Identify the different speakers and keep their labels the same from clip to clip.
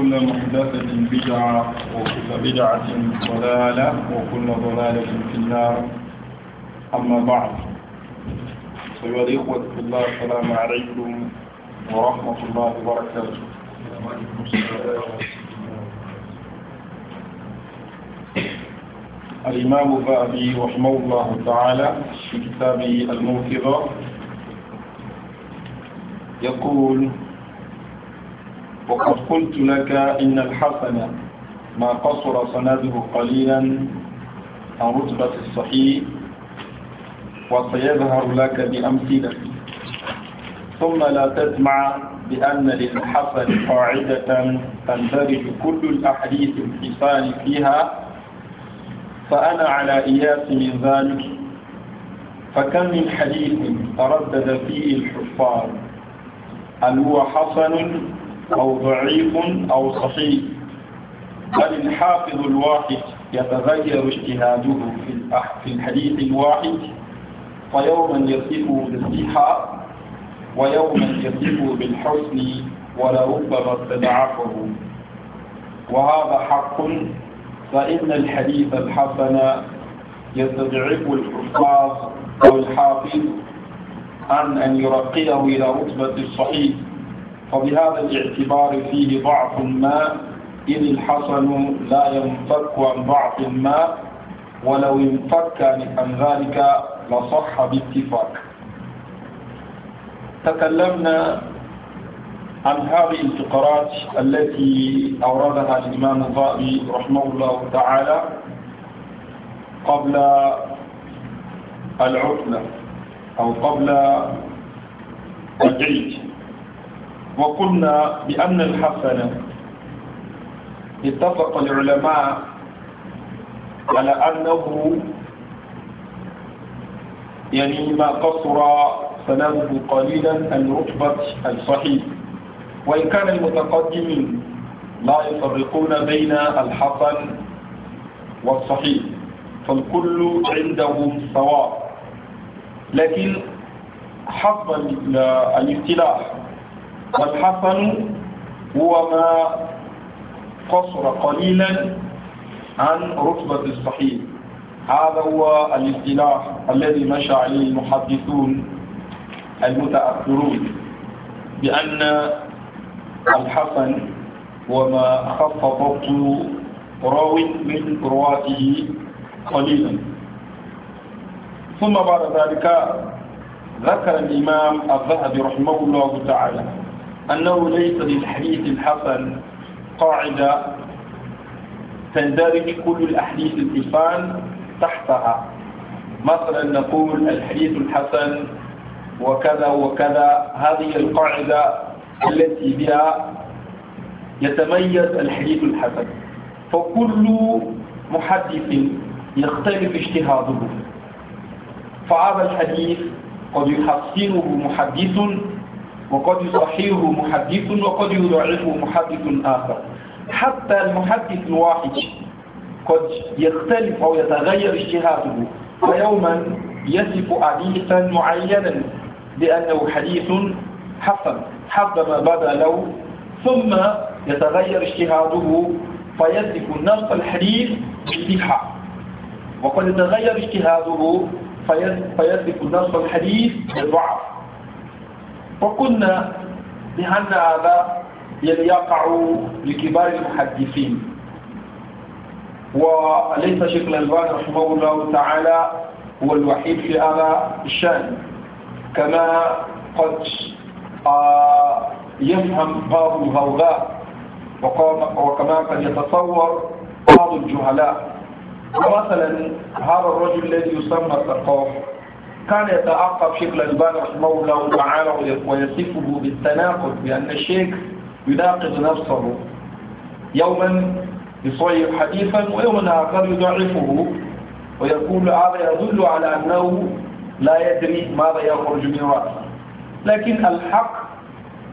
Speaker 1: وكل محدثة بدعة وكل بدعة ضلالة وكل ضلالة في النار أما بعد أيها الإخوة الله السلام عليكم ورحمة الله وبركاته الإمام الذهبي رحمه الله تعالى في كتابه الموقظة يقول وقد قلت لك إن الحسن ما قصر سنده قليلا عن رتبة الصحيح وسيظهر لك بأمثلة ثم لا تسمع بأن للحسن قاعدة تندرج كل الأحاديث الحسان فيها فأنا على إياس من ذلك فكم من حديث تردد فيه الحفاظ هل هو حسن أو ضعيف أو صحيح بل الحافظ الواحد يتغير اجتهاده في الحديث الواحد فيوما يصفه بالصحة ويوما يصفه بالحسن ولربما استدعفه وهذا حق فإن الحديث الحسن يستدعف الحفاظ أو الحافظ عن أن يرقيه إلى رتبة الصحيح فبهذا الاعتبار فيه ضعف ما إذ الحسن لا ينفك عن ضعف ما ولو انفك عن ذلك لصح باتفاق تكلمنا عن هذه الفقرات التي أوردها الإمام الضائي رحمه الله تعالى قبل العطلة أو قبل العيد وقلنا بأن الحسنة اتفق العلماء على أنه يعني ما قصر سلامه قليلا عن رتبة الصحيح وإن كان المتقدمين لا يفرقون بين الحسن والصحيح فالكل عندهم سواء لكن حسب الاختلاف والحسن هو ما قصر قليلا عن رتبة الصحيح هذا هو الاصطلاح الذي مشى عليه المحدثون المتأخرون بأن الحسن وما خف ضبط راوي من رواته قليلا ثم بعد ذلك ذكر الإمام الذهبي رحمه الله تعالى أنه ليس للحديث الحسن قاعدة تندرج كل الأحاديث الحسان تحتها مثلا نقول الحديث الحسن وكذا وكذا هذه القاعدة التي بها يتميز الحديث الحسن فكل محدث يختلف اجتهاده فهذا الحديث قد يحسنه محدث وقد يصححه محدث وقد يضعفه محدث آخر حتى المحدث الواحد قد يختلف أو يتغير اجتهاده فيوما يصف حديثا معينا بأنه حديث حسن حتى ما بدا له ثم يتغير اجتهاده فيصف نفس الحديث بالصحة وقد يتغير اجتهاده فيصف نفس الحديث بالضعف وقلنا بأن هذا يقع لكبار المحدثين وليس شيخ الألباني رحمه الله تعالى هو الوحيد في هذا الشأن كما قد آه، يفهم بعض الغوغاء وكما قد يتصور بعض الجهلاء ومثلا هذا الرجل الذي يسمى الثقاف كان يتعقب شيخ الألباني رحمه الله تعالى ويصفه بالتناقض بأن الشيخ يناقض نفسه يوما يصيح حديثا ويوما آخر يضعفه ويقول هذا يدل على أنه لا يدري ماذا يخرج من رأسه لكن الحق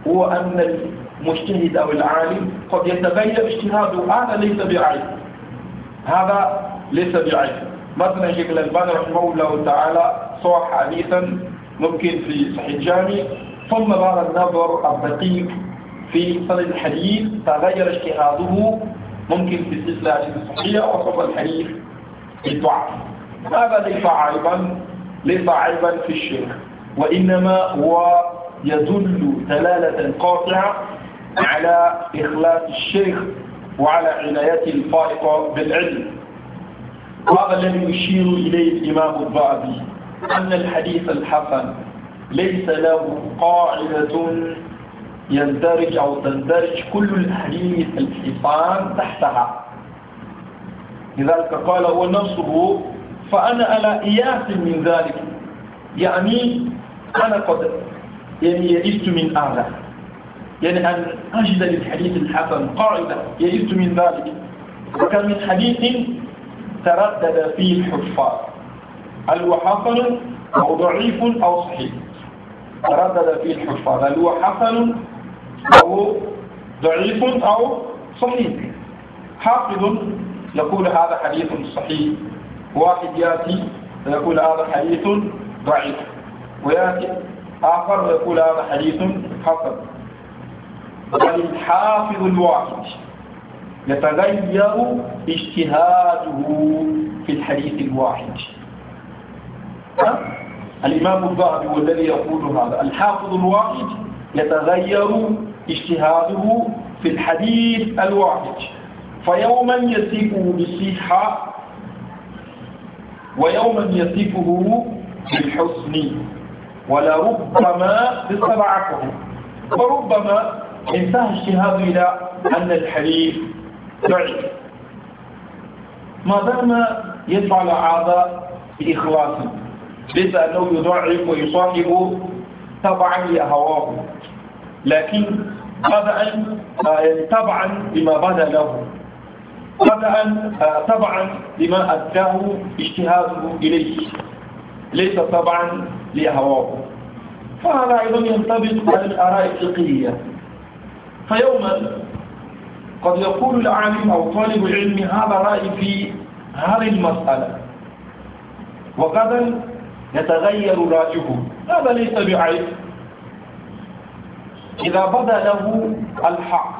Speaker 1: هو أن المجتهد أو العالم قد يتغير اجتهاده هذا ليس بعيب هذا ليس بعيب مثلا شيخ الألباني رحمه الله تعالى صح حديثا ممكن في صحيح الجامع ثم بعد النظر الدقيق في سند الحديث تغير اجتهاده ممكن في السلسلة الصحية وصف الحديث بالضعف هذا ليس عيبا ليس عيبا في الشرك وإنما هو يدل دلالة قاطعة على إخلاص الشيخ وعلى عنايته الفائقة بالعلم وهذا الذي يشير إليه الإمام الضعبي أن الحديث الحسن ليس له قاعدة يندرج أو تندرج كل الحديث الحصان تحتها لذلك قال هو نفسه فأنا على إياس من ذلك يعني أنا قد يعني يئست من أعلى يعني أن أجد للحديث الحسن قاعدة يئست من ذلك وكان من حديث تردد فيه الحفاظ هل هو حسن أو ضعيف أو صحيح تردد فيه الحفاظ هل هو حسن أو ضعيف أو صحيح حافظ يقول هذا حديث صحيح واحد يأتي ويقول هذا حديث ضعيف ويأتي آخر ويقول هذا حديث حسن بل الحافظ الواحد يتغير اجتهاده في الحديث الواحد الإمام الذهبي هو الذي يقول هذا الحافظ الواحد يتغير اجتهاده في الحديث الواحد فيوما يصفه بالصحة ويوما يصفه بالحسن ولربما بالصبع وربما انتهى اجتهاده إلى أن الحديث ضعيف ما دام يفعل هذا بإخلاص ليس أنه يضعف ويصاحب تبعا لهواه لكن طبعا آه، تبعا لما بدا له طبعا آه، تبعا لما أداه اجتهاده إليه ليس تبعا لهواه فهذا أيضا ينطبق على الآراء الفقهية فيوما قد يقول العالم أو طالب العلم هذا رأي في هذه المسألة وقد يتغير رأيه هذا ليس بعيد إذا بدا له الحق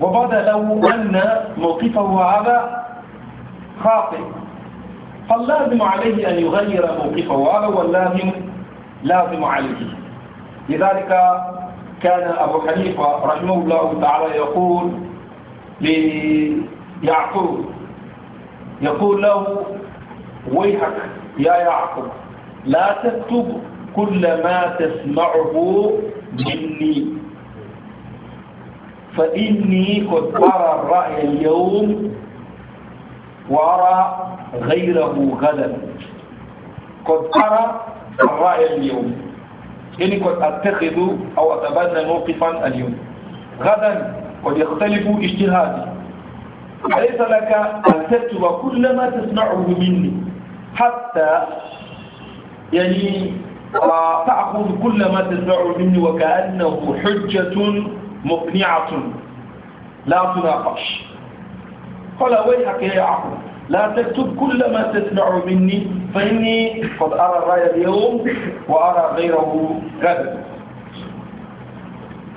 Speaker 1: وبدا له أن موقفه هذا خاطئ فاللازم عليه أن يغير موقفه هذا واللازم لازم عليه لذلك كان أبو حنيفة رحمه الله تعالى يقول ليعقوب يقول له ويحك يا يعقوب لا تكتب كل ما تسمعه مني فإني قد أرى الرأي اليوم وأرى غيره غدا قد أرى الرأي اليوم إني يعني قد أتخذ أو أتبنى موقفا اليوم غدا قد يختلف اجتهادي أليس لك أن تكتب كل ما تسمعه مني حتى يعني آه، تأخذ كل ما تسمعه مني وكأنه حجة مقنعة لا تناقش قال ويحك يا عقل لا تكتب كل ما تسمع مني فإني قد أرى الرأي اليوم وأرى غيره غدا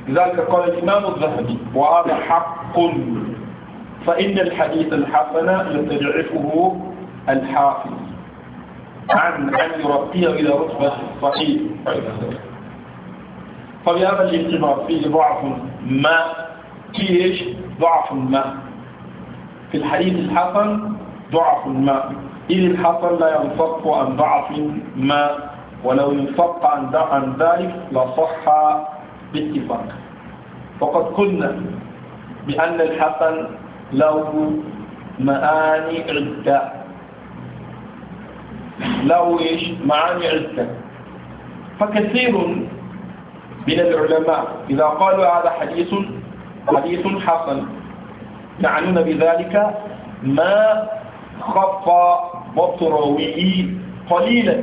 Speaker 1: لذلك قال الإمام الذهبي وهذا حق فإن الحديث الحسن يستضعفه الحافظ عن أن يرقيه إلى رتبة صحيح فبهذا الاجتماع فيه ضعف ما فيه ضعف ما في الحديث الحسن ضعف الماء إذ الحصل لا ينفق عن ضعف الماء ولو ينفق عن ذلك لصح باتفاق وقد قلنا بأن الحسن له معاني عدة له إيش معاني عدة فكثير من العلماء إذا قالوا هذا حديث حديث حسن يعنون بذلك ما خف بطروه قليلا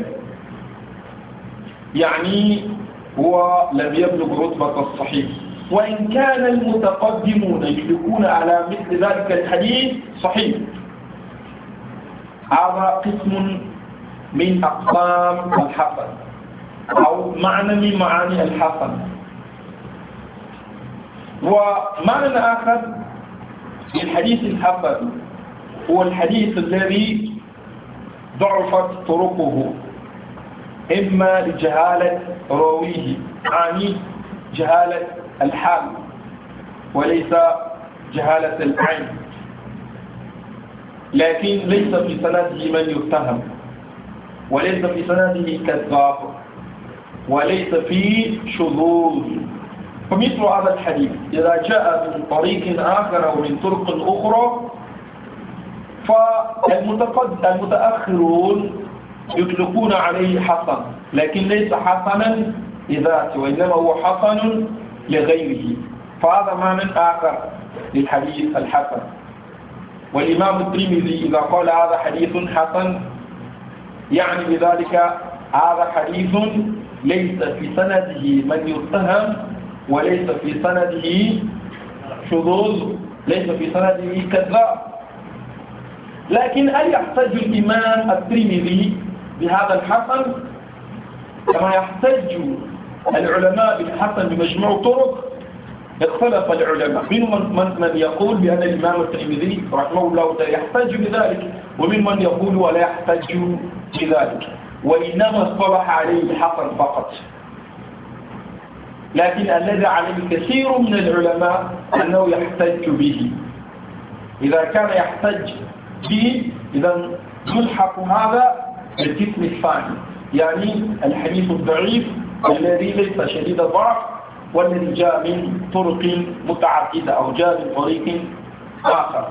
Speaker 1: يعني هو لم يبلغ رتبة الصحيح وإن كان المتقدمون يشركون على مثل ذلك الحديث صحيح هذا قسم من أقسام الحسن أو معنى من معاني الحسن ومعنى آخر في الحديث الحسن هو الحديث الذي ضعفت طرقه إما لجهالة راويه يعني جهالة الحال وليس جهالة العين لكن ليس في سنده من يتهم وليس في سنده كذاب وليس فيه شذوذ فمثل هذا الحديث إذا جاء من طريق آخر أو من طرق أخرى فالمتأخرون يطلقون عليه حسن لكن ليس حسنا لذاته وإنما هو حسن لغيره فهذا معنى آخر للحديث الحسن والإمام الترمذي إذا قال هذا حديث حسن يعني بذلك هذا حديث ليس في سنده من يتهم وليس في سنده شذوذ ليس في سنده كذاب لكن هل يحتج الإمام الترمذي بهذا الحسن كما يحتج العلماء بالحسن بمجموع طرق اختلف العلماء من من, من يقول بأن الإمام الترمذي رحمه الله تعالى يحتج بذلك ومن من يقول ولا يحتج بذلك وإنما اصطلح عليه الحسن فقط لكن الذي عليه كثير من العلماء أنه يحتج به إذا كان يحتج به إذا يلحق هذا بالقسم الثاني يعني الحديث الضعيف الذي ليس شديد الضعف والذي جاء من طرق متعددة أو جاء من طريق آخر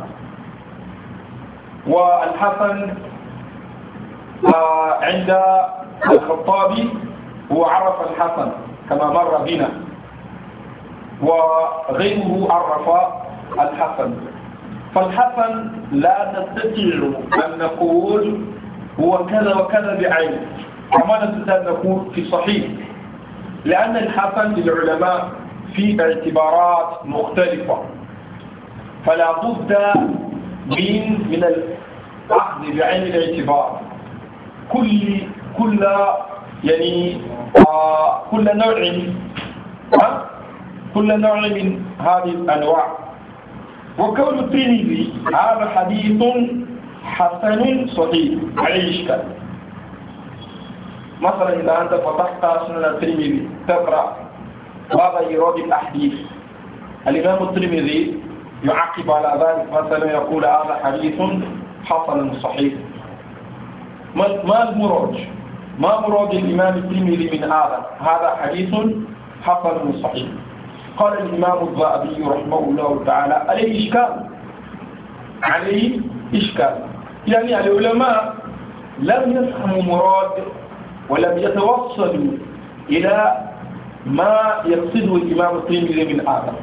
Speaker 1: والحسن آه، عند الخطابي هو عرف الحسن كما مر بنا وغيره عرف الحسن فالحسن لا نستطيع أن نقول هو كذا وكذا بعين وما نستطيع أن نقول في صحيح لأن الحسن للعلماء في اعتبارات مختلفة فلا بد من من الأخذ بعين الاعتبار كل كل يعني آه كل نوع كل نوع من هذه الأنواع وقول الترمذي هذا حديث حسن صحيح عليه إشكال مثلا إذا أنت فتحت سنن الترمذي تقرأ بعض إيراد الأحاديث الإمام الترمذي يعقب على ذلك مثلا يقول هذا حديث حسن صحيح ما المراد ما مراد الإمام الترمذي من هذا هذا حديث حسن صحيح قال الإمام الذهبي رحمه الله تعالى عليه إشكال عليه إشكال يعني العلماء لم يفهموا مراد ولم يتوصلوا إلى ما يقصده الإمام الطيبي من آدم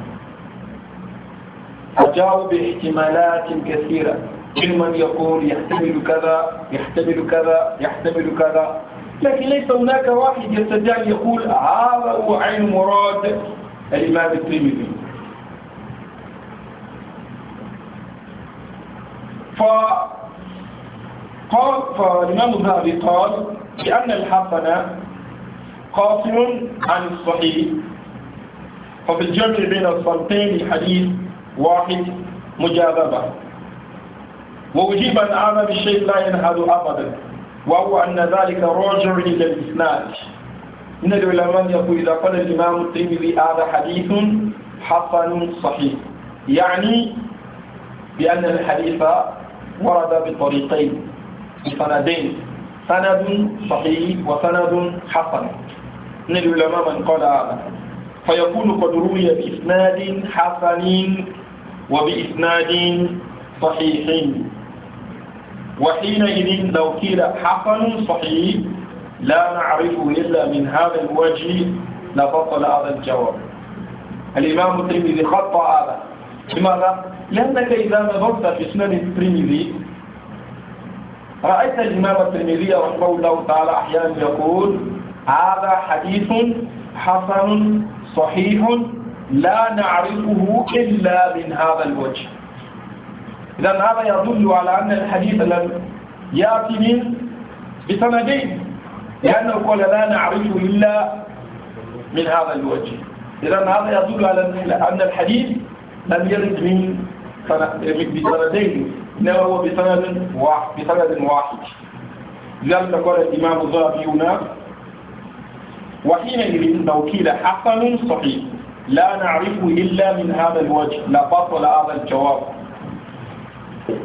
Speaker 1: وجاءوا باحتمالات كثيرة من يقول يحتمل كذا يحتمل كذا يحتمل كذا لكن ليس هناك واحد يستطيع أن يقول هذا هو عين مراد الإمام الترمذي فقال فالإمام الذهبي قال بأن الحسن قاصر عن الصحيح ففي الجمع بين الصنفين حديث واحد مجاذبة وأجيب أن بالشيء لا ينهض أبدا وهو أن ذلك راجع إلى الإسناد من العلماء يقول إذا قال الإمام الترمذي هذا حديث حسن صحيح يعني بأن الحديث ورد بطريقين بسندين سند صحيح وسند حسن من العلماء من قال هذا فيكون قد روي بإسناد حسن وبإسناد صحيح وحينئذ لو قيل حسن صحيح لا نعرفه إلا من هذا الوجه لفصل هذا الجواب الإمام الترمذي خطأ هذا لماذا؟ لأنك إذا نظرت في سنن الترمذي رأيت الإمام الترمذي رحمه الله تعالى أحيانا يقول هذا حديث حسن صحيح لا نعرفه إلا من هذا الوجه إذا هذا يدل على أن الحديث لم يأتي من بسندين لأنه قال لا نعرفه إلا من هذا الوجه إذا هذا يدل على أن الحديث لم يرد من بسندين إنما هو بسند واحد بسند واحد لذلك قال الإمام الذهبي هنا وحينئذ لو قيل حسن صحيح لا نعرف إلا من هذا الوجه لا بطل هذا الجواب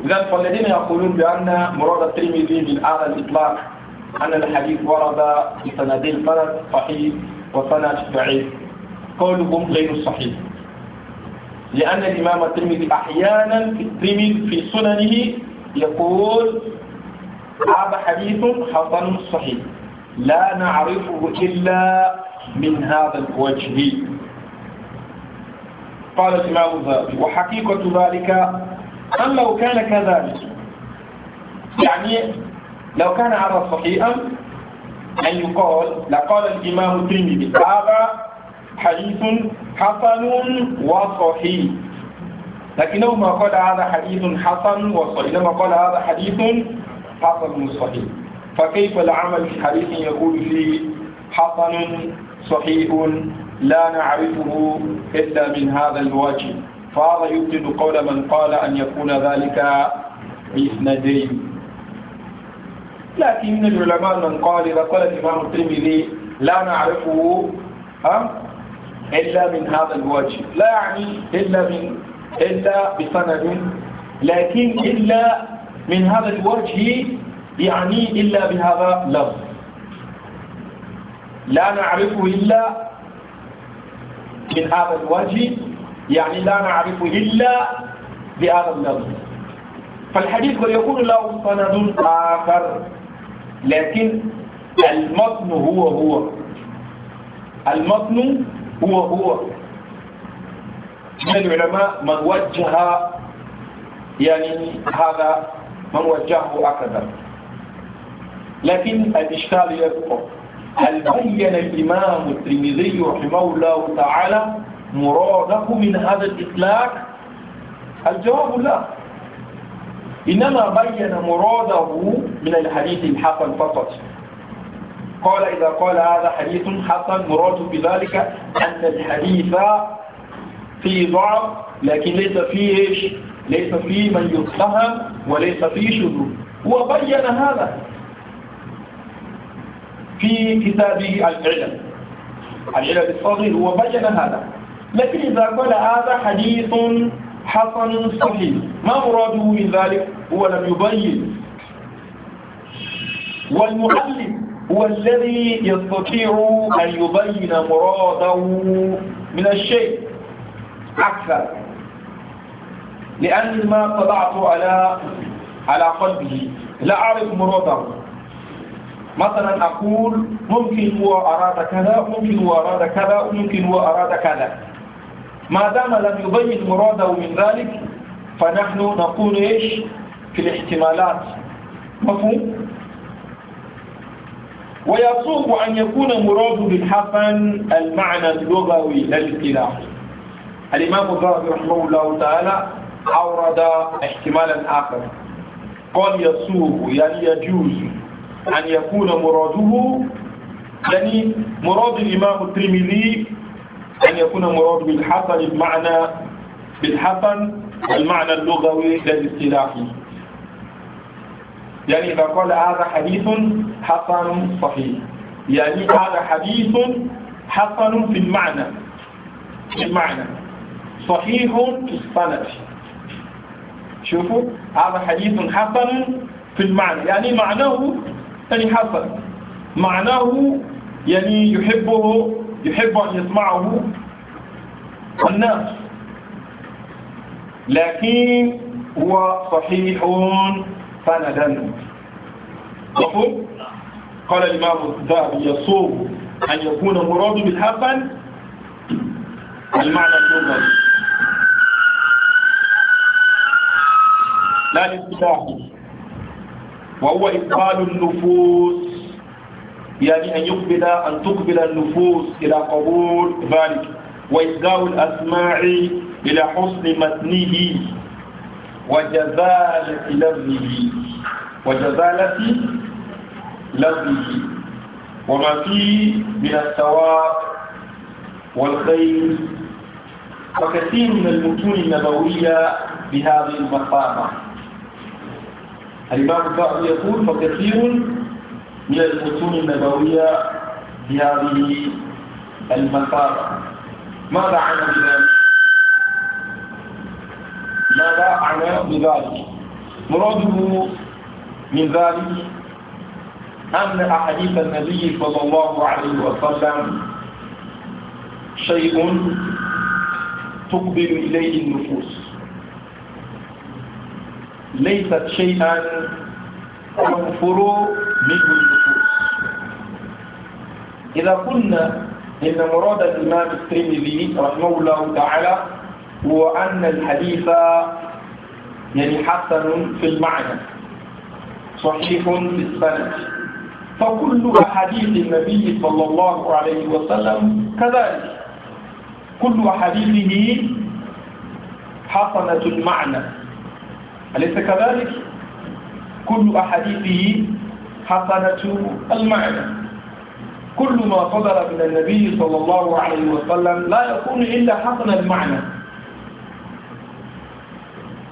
Speaker 1: إذا فالذين يقولون بأن مراد الترمذي من هذا الإطلاق أن الحديث ورد في سند الفرد صحيح وسند بعيد قولهم غير صحيح لأن الإمام الترمذي أحيانا في الترمذي في سننه يقول هذا حديث حسن صحيح لا نعرفه إلا من هذا الوجه قال الإمام الذهبي وحقيقة ذلك أن لو كان كذلك يعني لو كان هذا صحيحا أن يقال لقال الإمام الترمذي هذا حديث حسن وصحيح لكنه ما قال هذا حديث حسن وصحيح لما قال هذا حديث حسن وصحيح فكيف العمل في حديث يقول فيه حسن صحيح لا نعرفه إلا من هذا الواجب فهذا يبطل قول من قال أن يكون ذلك بإسنادين لكن من العلماء من قال إذا قال الإمام الترمذي لا نعرفه ها إلا من هذا الوجه لا يعني إلا من إلا بسند لكن إلا من هذا الوجه يعني إلا بهذا اللفظ لا نعرفه إلا من هذا الوجه يعني لا نعرفه إلا بهذا اللفظ فالحديث قد يكون له سند آخر لكن المطن هو هو المطن هو هو من العلماء من وجه يعني هذا من وجهه هكذا لكن الإشكال يبقى هل بين الإمام الترمذي رحمه الله تعالى مراده من هذا الإطلاق الجواب لا إنما بين مراده من الحديث الحسن فقط قال إذا قال هذا حديث حسن مراد بذلك أن الحديث فيه ضعف لكن ليس فيه إيش ليس فيه من يتهم وليس فيه شذوذ وبين هذا في كتابه العلم العلم الصغير وبين هذا لكن إذا قال هذا حديث حسن صحيح ما مراده من ذلك هو لم يبين والمعلم هو الذي يستطيع أن يبين مراده من الشيء أكثر لأن ما طلعت على على قلبه لا أعرف مراده مثلا أقول ممكن هو أراد كذا ممكن هو أراد كذا ممكن هو أراد كذا ما دام لم يبين مراده من ذلك فنحن نقول إيش في الاحتمالات مفهوم؟ ويصوب أن يكون مراد بالحسن المعنى اللغوي للاصطلاح الإمام الذهبي رحمه الله تعالى أورد احتمالا آخر قال يصوب يعني يجوز أن يكون مراده يعني مراد الإمام الترمذي أن يكون مراد بالحسن المعنى بالحسن المعنى اللغوي للاصطلاحي يعني إذا قال هذا حديث حسن صحيح يعني هذا حديث حسن في المعنى في المعنى صحيح في السند شوفوا هذا حديث حسن في المعنى يعني معناه يعني حسن معناه يعني يحبه يحب أن يسمعه الناس لكن هو صحيح سندا مفهوم قال الإمام الذهب يصوب أن يكون مراد بالحبا المعنى المجمل لا الاصطلاح وهو إقبال النفوس يعني أن يقبل أن تقبل النفوس إلى قبول ذلك وإسقاء الأسماع إلى حسن متنه وجزالة لفظه وجزالة لفظه وما فيه من الثواب والخير وكثير من المتون النبوية بهذه المقامة الإمام البعض يقول فكثير من المتون النبوية بهذه المقامة ماذا عن ذلك؟ ماذا باعنا بذلك مراده من ذلك أن أحاديث النبي صلى الله عليه وسلم شيء تقبل إليه النفوس ليست شيئا تنفر منه النفوس إذا قلنا إن مراد الإمام الترمذي رحمه الله تعالى هو أن الحديث يعني حسن في المعنى صحيح في السند فكل أحاديث النبي صلى الله عليه وسلم كذلك كل أحاديثه حسنة المعنى أليس كذلك؟ كل أحاديثه حسنة المعنى كل ما صدر من النبي صلى الله عليه وسلم لا يكون إلا حسن المعنى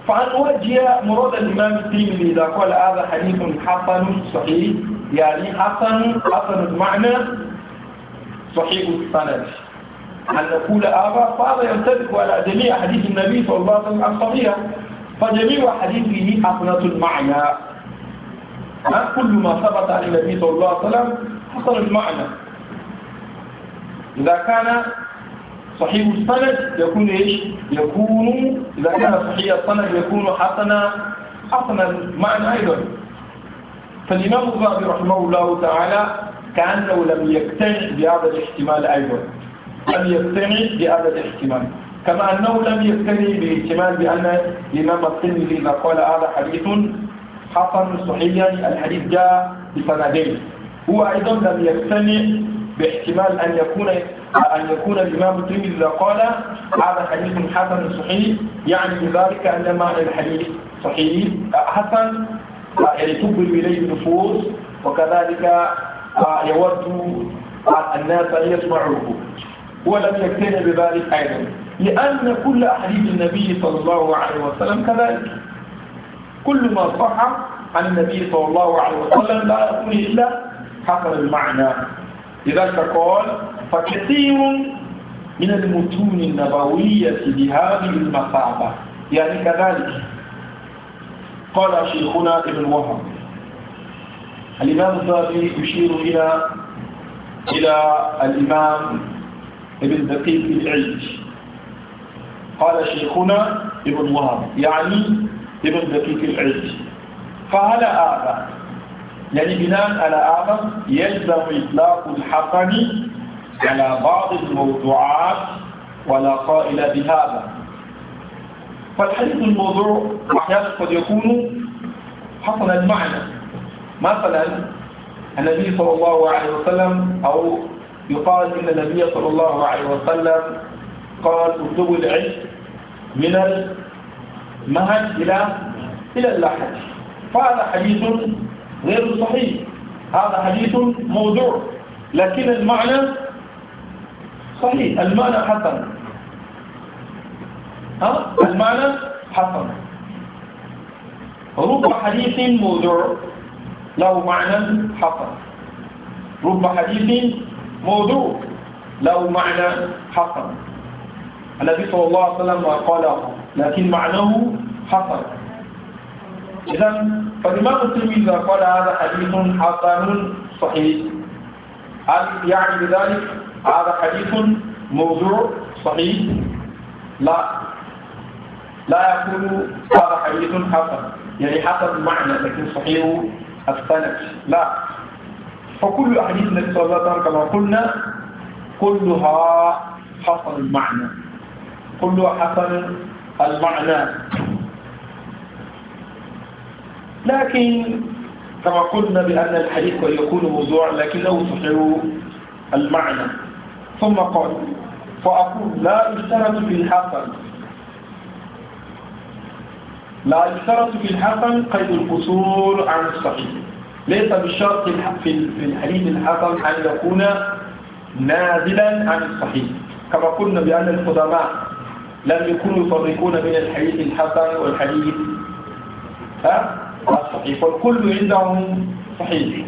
Speaker 1: فعن وجه مراد الإمام الترمذي إذا قال هذا حديث حسن صحيح يعني حسن حسن المعنى صحيح السند أن أقول هذا فهذا يمتلك على جميع حديث النبي صلى الله عليه وسلم الصحيح فجميع حديثه حسنة المعنى ما كل ما ثبت عن النبي صلى الله عليه وسلم حسن المعنى إذا كان صحيح السند يكون إيش يكون إذا كان صحيح السند يكون حسنا حسنا معا أيضا فالإمام الذهبي رحمه الله تعالى كأنه لم يقتنع بهذا الاحتمال أيضا لم يقتنع بهذا الاحتمال كما أنه لم يقتنع بالاحتمال بأن الإمام الترمذي إذا قال هذا حديث حسن صحيح الحديث جاء بسندين هو أيضا لم يقتنع باحتمال أن يكون أن يكون الإمام الترمذي إذا قال هذا حديث حسن صحيح يعني بذلك أن معنى الحديث صحيح حسن يعني تقبل إليه النفوس وكذلك آه، يود آه، الناس أن يسمعوه ولم يكتن بذلك أيضا لأن كل أحاديث النبي صلى الله عليه وسلم كذلك كل ما صح عن النبي صلى الله عليه وسلم لا يكون إلا حسن المعنى لذلك قال فكثير من المتون النبوية بهذه المثابة يعني كذلك قال شيخنا ابن وهب الإمام الذهبي يشير إلى إلى الإمام ابن دقيق العيد قال شيخنا ابن وهب يعني ابن دقيق العيد فعلى هذا يعني بناء على هذا يلزم إطلاق الحقن على بعض الموضوعات ولا قائل بهذا فالحديث الموضوع أحيانا قد يكون حصل المعنى مثلا النبي صلى الله عليه وسلم أو يقال إن النبي صلى الله عليه وسلم قال اطلبوا العلم من المهد إلى إلى اللحد فهذا حديث غير صحيح هذا حديث موضوع لكن المعنى صحيح المعنى حسن ها المعنى حسن رب حديث موضوع له معنى حسن رب حديث موضوع له معنى حسن النبي صلى الله عليه وسلم قال لكن معناه حسن إذا فالإمام التلميذ قال هذا حديث حسن صحيح هل يعني بذلك هذا حديث موضوع صحيح لا لا يكون هذا حديث حسن يعني حسن معنى لكن صحيح السند لا فكل أحاديث النبي صلى الله عليه وسلم كما قلنا كلها حسن المعنى كلها حسن المعنى لكن كما قلنا بأن الحديث قد يكون موضوعا لكنه صحيح المعنى ثم قال فأقول لا يشترط في الحسن لا يشترط في الحسن قيد القصور عن الصحيح ليس بالشرط في الحديث الحسن أن يكون نازلا عن الصحيح كما قلنا بأن القدماء لم يكونوا يفرقون بين الحديث الحسن والحديث الصحيح فالكل عندهم صحيح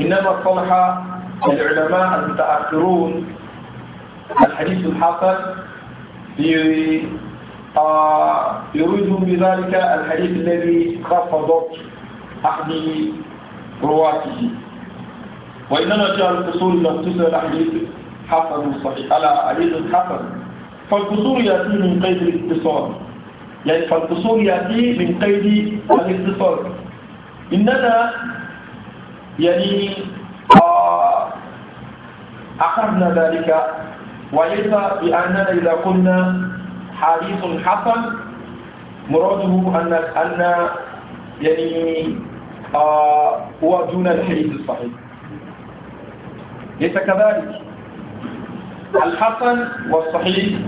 Speaker 1: إنما اصطلح العلماء المتأخرون الحديث الحسن آه، يريد بذلك الحديث الذي خفضت أحد رواته وإنما جاء القصور إلى قصور الحديث حسن صحيح على حديث الحاصل فالقصور يأتي من قيد الاتصال يعني فالقصور يأتي من قيد الاتصال إننا يعني أخذنا ذلك وليس بأننا إذا قلنا حديث حسن مراده أن أن يعني آه هو دون الحديث الصحيح ليس كذلك الحسن والصحيح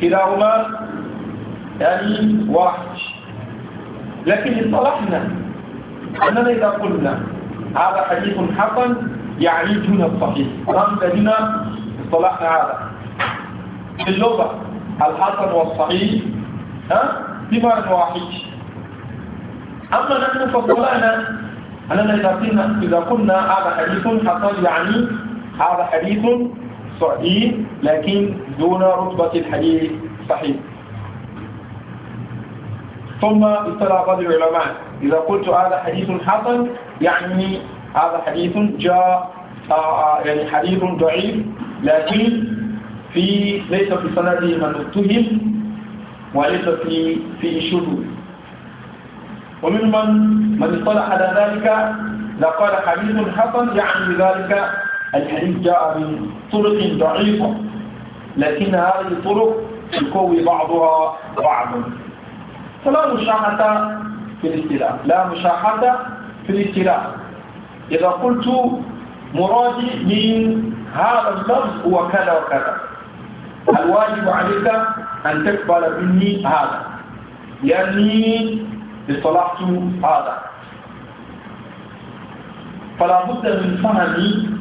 Speaker 1: كلاهما يعني واحد لكن اصطلحنا أننا إذا قلنا هذا حديث حسن دون الصحيح رغم الذين اصطلحنا هذا في اللغة الحسن والصحيح ها بمعنى واحد أما نحن فاصطلحنا أننا إذا قلنا إذا قلنا هذا حديث حسن يعني هذا حديث صحيح لكن دون رتبة الحديث صحيح ثم اصطلح بعض العلماء إذا قلت هذا حديث حسن يعني هذا حديث جاء آه، آه، يعني حديث ضعيف لكن في ليس في سند من اتهم وليس في في شذوذ وممن من اصطلح على ذلك لقال حديث حسن يعني بذلك الحديث جاء من طرق ضعيفة لكن هذه الطرق تقوي بعضها بعضا فلا مشاحة في الاختلاف لا مشاحة في الاختلاف إذا قلت مرادي من هذا اللفظ هو كذا وكذا الواجب عليك أن تقبل مني هذا لأني اصطلحت هذا فلا بد من فهم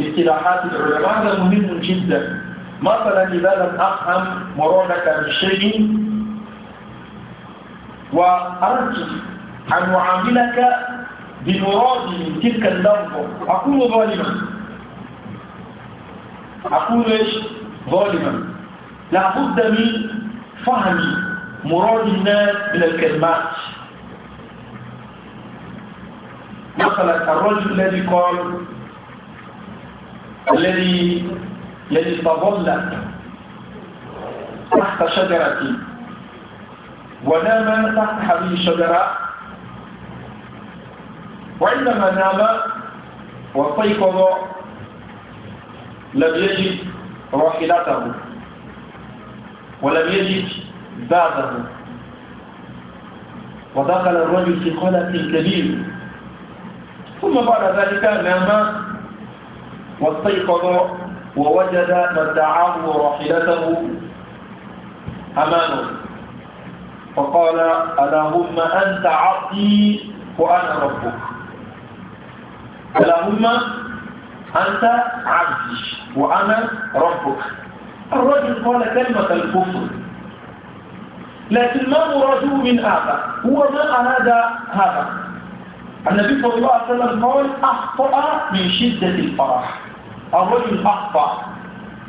Speaker 1: اصطلاحات العلماء هذا مهم جدا مثلا إذا لم أفهم مرادك بشيء وأرجو أن أعاملك من تلك اللحظة أكون ظالما أكون إيش ظالما لابد من فهم مراد الناس من الكلمات مثلا الرجل الذي قال الذي الذي تظل تحت شجرة ونام تحت هذه الشجرة وعندما نام واستيقظ لم يجد راحلته ولم يجد بابه ودخل الرجل في قلق كبير ثم بعد ذلك نام واستيقظ ووجد من دعاه راحلته أمامه فقال اللهم أنت عبدي وأنا ربك اللهم أنت عبدي وأنا ربك الرجل قال كلمة الكفر لكن ما مراده من هذا هو ما أراد هذا النبي صلى الله عليه وسلم قال أخطأ من شدة الفرح الرجل أخطأ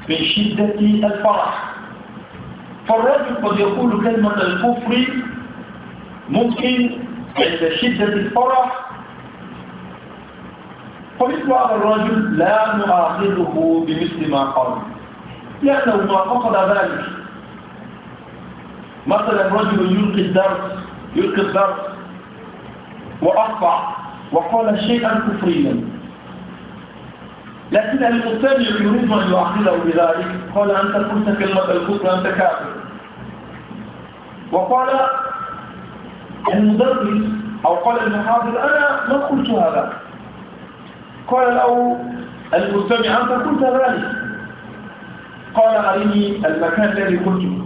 Speaker 1: من شدة الفرح فالرجل قد يقول كلمة الكفر ممكن عند شدة الفرح فمثل هذا الرجل لا نؤاخذه بمثل ما قال لأنه ما فقد ذلك مثلا رجل يلقي الدرس يلقي الدرس وأقطع وقال شيئا كفريا لكن المستمع يريد أن يؤاخذه بذلك قال أنت قلت كلمة الكفر أنت كافر وقال المدرس أو قال المحاضر أنا ما قلت هذا قال له المستمع أنت قلت ذلك قال أرني المكان الذي قلته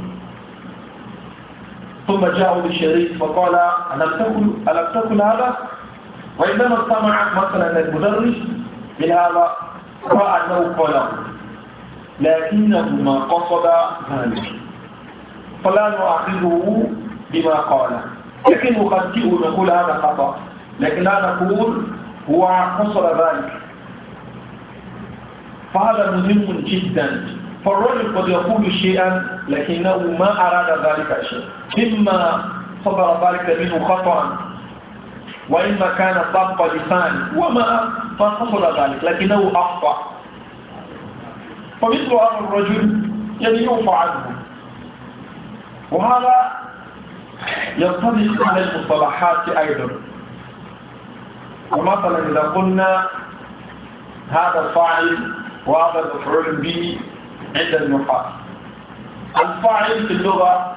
Speaker 1: ثم جاءوا بالشريف فقال ألم تكن ألم تكن هذا وعندما استمع مثلا المدرس من هذا رأى أنه قال لكنه ما قصد ذلك فلا نؤاخذه بما قال لكن نخطئه نقول هذا خطأ لكن لا نقول وحصل ذلك فهذا مهم جدا فالرجل قد يقول شيئا لكنه ما أراد ذلك الشيء إما صدر ذلك منه خطأ وإما كان طبق لسان وما فحصل ذلك لكنه أخطأ فمثل هذا الرجل يعني يوفى عنه وهذا ينطبق على المصطلحات أيضا ومثلا إذا قلنا هذا الفاعل وهذا المفعول به عند النحاة الفاعل في اللغة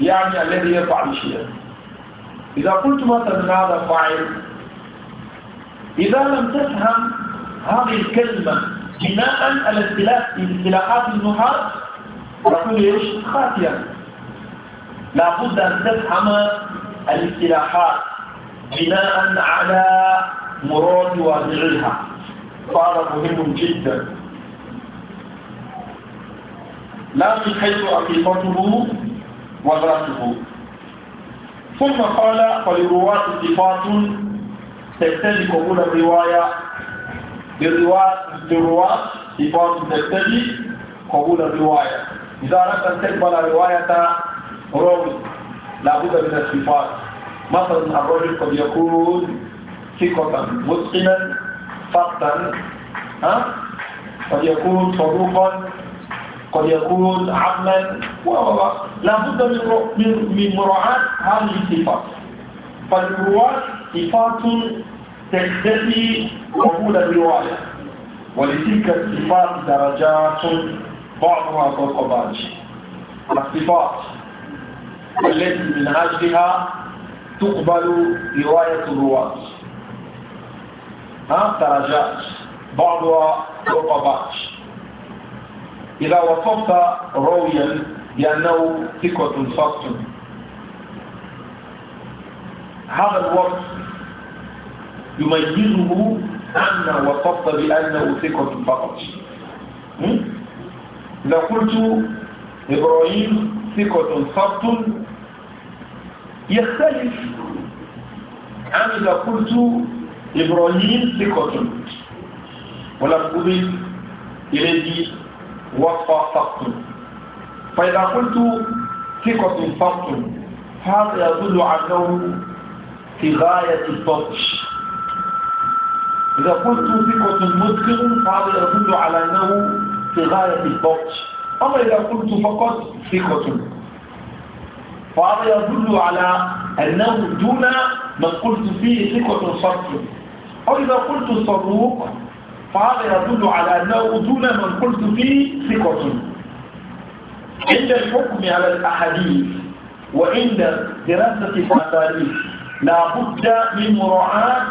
Speaker 1: يعني الذي يفعل شيئا إذا قلت مثلا هذا الفاعل إذا لم تفهم هذه الكلمة بناء على اصطلاحات النحاة تقول ايش؟ خاطئا لابد أن تفهم الاصطلاحات بناء على مراد وضعها فهذا مهم جدا لا من حيث حقيقته وذاته ثم قال فللرواة صفات تبتدي قبول الرواية للرواة صفات تبتدي قبول الرواية إذا أردت أن تقبل رواية راوي لابد من الصفات مثلا الرجل قد يكون ثقة متقنا فقدا ها قد يكون صدوقا قد يكون عملا و لابد من من مراعاة هذه الصفات فالرواة صفات تكتفي قبول الرواية ولتلك الصفات درجات بعضها فوق بعض الصفات التي من أجلها تقبل رواية الرواة ها درجات بعضها فوق بعض إذا وصفت راويا بأنه ثقة فقط هذا الوصف يميزه أن وصفت بأنه ثقة فقط إذا قلت إبراهيم ثقة فقط يختلف عن إذا قلت إبراهيم ثقة ولم أضف إليه وصفة فقط فإذا قلت ثقة فقط هذا يدل عنه في غاية الضبط إذا قلت ثقة متقن فهذا يدل على أنه في غاية الضبط أما إذا قلت فقط ثقة وهذا يدل على أنه دون من قلت فيه ثقة صدق أو إذا قلت صدوق فهذا يدل على أنه دون من قلت فيه ثقة عند الحكم على الأحاديث وعند دراسة التاريخ لا بد من مراعاة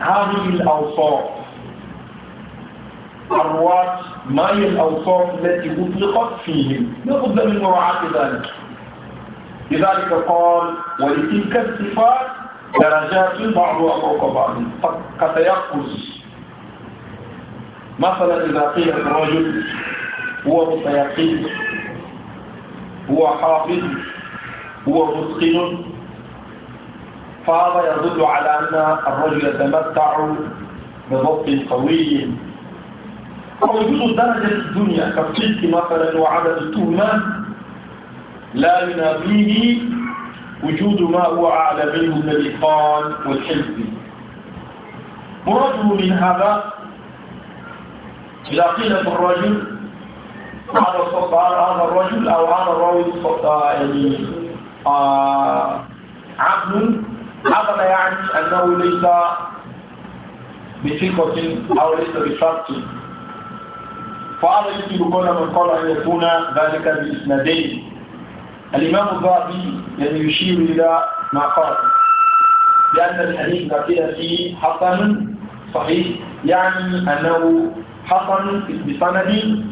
Speaker 1: هذه الأوصاف الرواة ما هي الأوصاف التي أطلقت فيهم لا بد من مراعاة ذلك لذلك قال ولتلك الصفات درجات بعضها فوق بعض كتيقظ مثلا إذا قيل الرجل هو متيقظ هو حافظ هو متقن فهذا يدل على أن الرجل يتمتع بضبط قوي ووجود درجة الدنيا كالصدق مثلا وعدم التهمة لا ينافيه وجود ما هو أعلى منه من الإتقان والحفظ مراد من هذا إذا قيل في الرجل هذا هذا الرجل أو هذا الراوي آه، يعني آه عقل هذا لا يعني أنه ليس بثقة أو ليس بشرط فهذا يمكن من قال أن يكون ذلك بإسنادين الإمام الضعفي يعني يشير إلى ما قال لأن الحديث بقي فيه حسن صحيح يعني أنه حسن بسند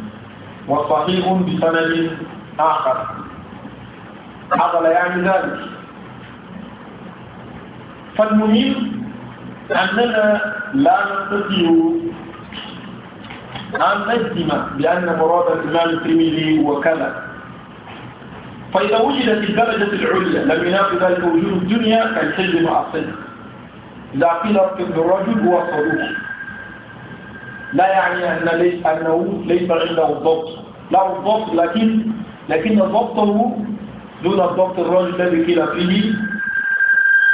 Speaker 1: وصحيح بسند آخر هذا لا يعني ذلك فالمهم أننا لا نستطيع أن نجزم بأن مراد الإمام الترمذي هو كذا فإذا وجدت الدرجة العليا لم ينافي ذلك وجود الدنيا كالحل مع الصدق إذا قيل الرجل هو صدوق لا يعني أن ليس أنه ليس عنده الضبط له الضبط لكن لكن ضبطه دون ضبط الرجل الذي قيل فيه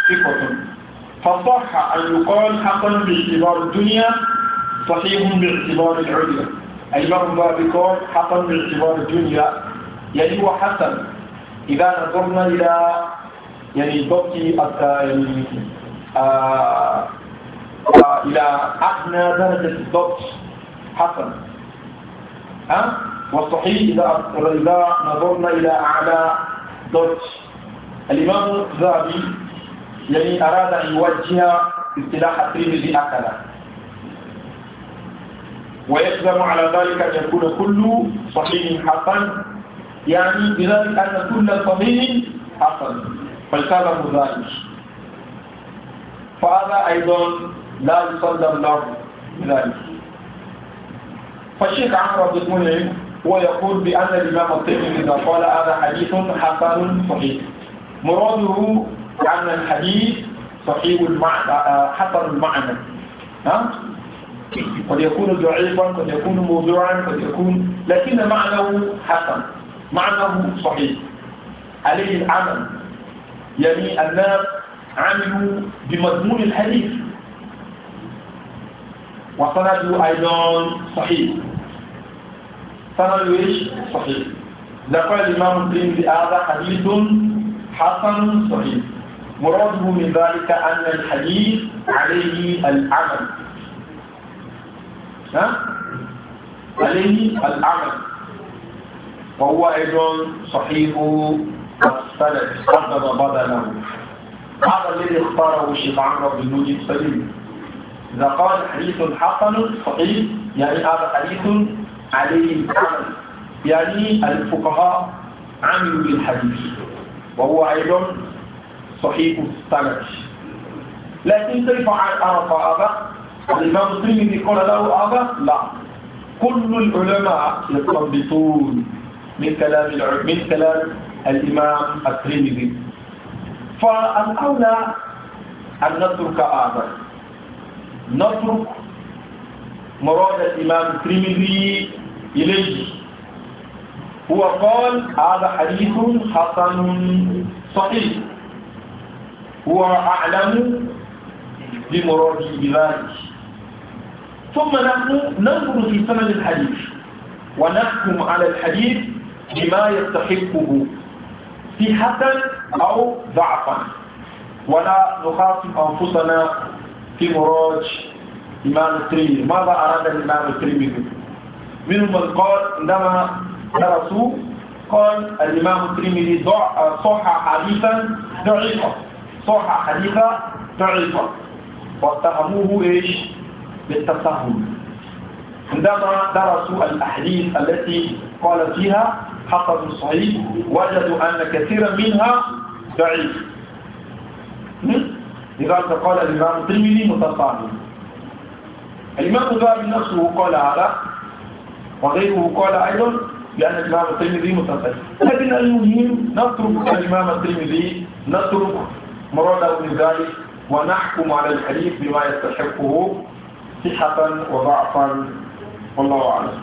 Speaker 1: ثقة فصح أن يقال حقا باعتبار الدنيا صحيح باعتبار العليا الإمام البابي قال حقا باعتبار الدنيا يعني هو حسن إذا نظرنا إلى يعني ضبط يعني، آه، آه، إلى أدنى درجة الضبط حسن ها أه؟ والصحيح إذا إذا نظرنا إلى أعلى ضبط الإمام الذهبي يعني أراد أن يوجه اصطلاح الترمذي هكذا ويلزم على ذلك أن يكون كل صحيح حسن يعني بذلك أن كل صميم حصل فالكلام ذلك فهذا أيضا لا يصدر له بذلك فالشيخ عمرو بن منعم هو يقول بأن الإمام الطيب إذا قال هذا حديث حسن صحيح مراده أن الحديث صحيح المعنى حسن المعنى ها قد يكون ضعيفا قد يكون موضوعا قد يكون لكن معناه حسن معناه صحيح عليه العمل يعني الناس عملوا بمضمون الحديث وسنده أيضا صحيح سنده إيش؟ صحيح ذكر الإمام الترمذي هذا حديث حسن صحيح مراده من ذلك أن الحديث عليه العمل ها؟ عليه العمل وهو أيضا صحيح السند قدم بدله هذا الذي اختاره الشيخ رب بن السليم إذا قال حديث حسن صحيح يعني هذا حديث عليه الامل يعني الفقهاء عملوا بالحديث وهو أيضا صحيح السند لكن كيف عرف هذا؟ الإمام الترمذي قال له هذا لا كل العلماء يستنبطون من كلام من كلام الإمام الترمذي فالأولى أن نترك هذا نترك مراد الإمام الترمذي إليه هو قال هذا حديث حسن صحيح هو أعلم بمراده بذلك ثم نحن ننظر في سند الحديث ونحكم على الحديث بما يستحقه صحة أو ضعفا ولا نخاطب أنفسنا في مراج إمام الترمذي ماذا أراد الإمام الترمذي منهم من قال عندما درسوا قال الإمام الترمذي صح حديثا ضعيفا صح حديثا ضعيفا واتهموه ايش؟ بالتسهل عندما درسوا الأحاديث التي قال فيها حفظوا الصحيح وجدوا أن كثيرا منها ضعيف لذلك قال الإمام الترمذي متطابق الإمام الذهبي نفسه قال هذا وغيره قال أيضا لأن الإمام الترمذي متصل لكن المهم نترك الإمام الترمذي نترك مراده من ذلك ونحكم على الحديث بما يستحقه صحة وضعفا والله أعلم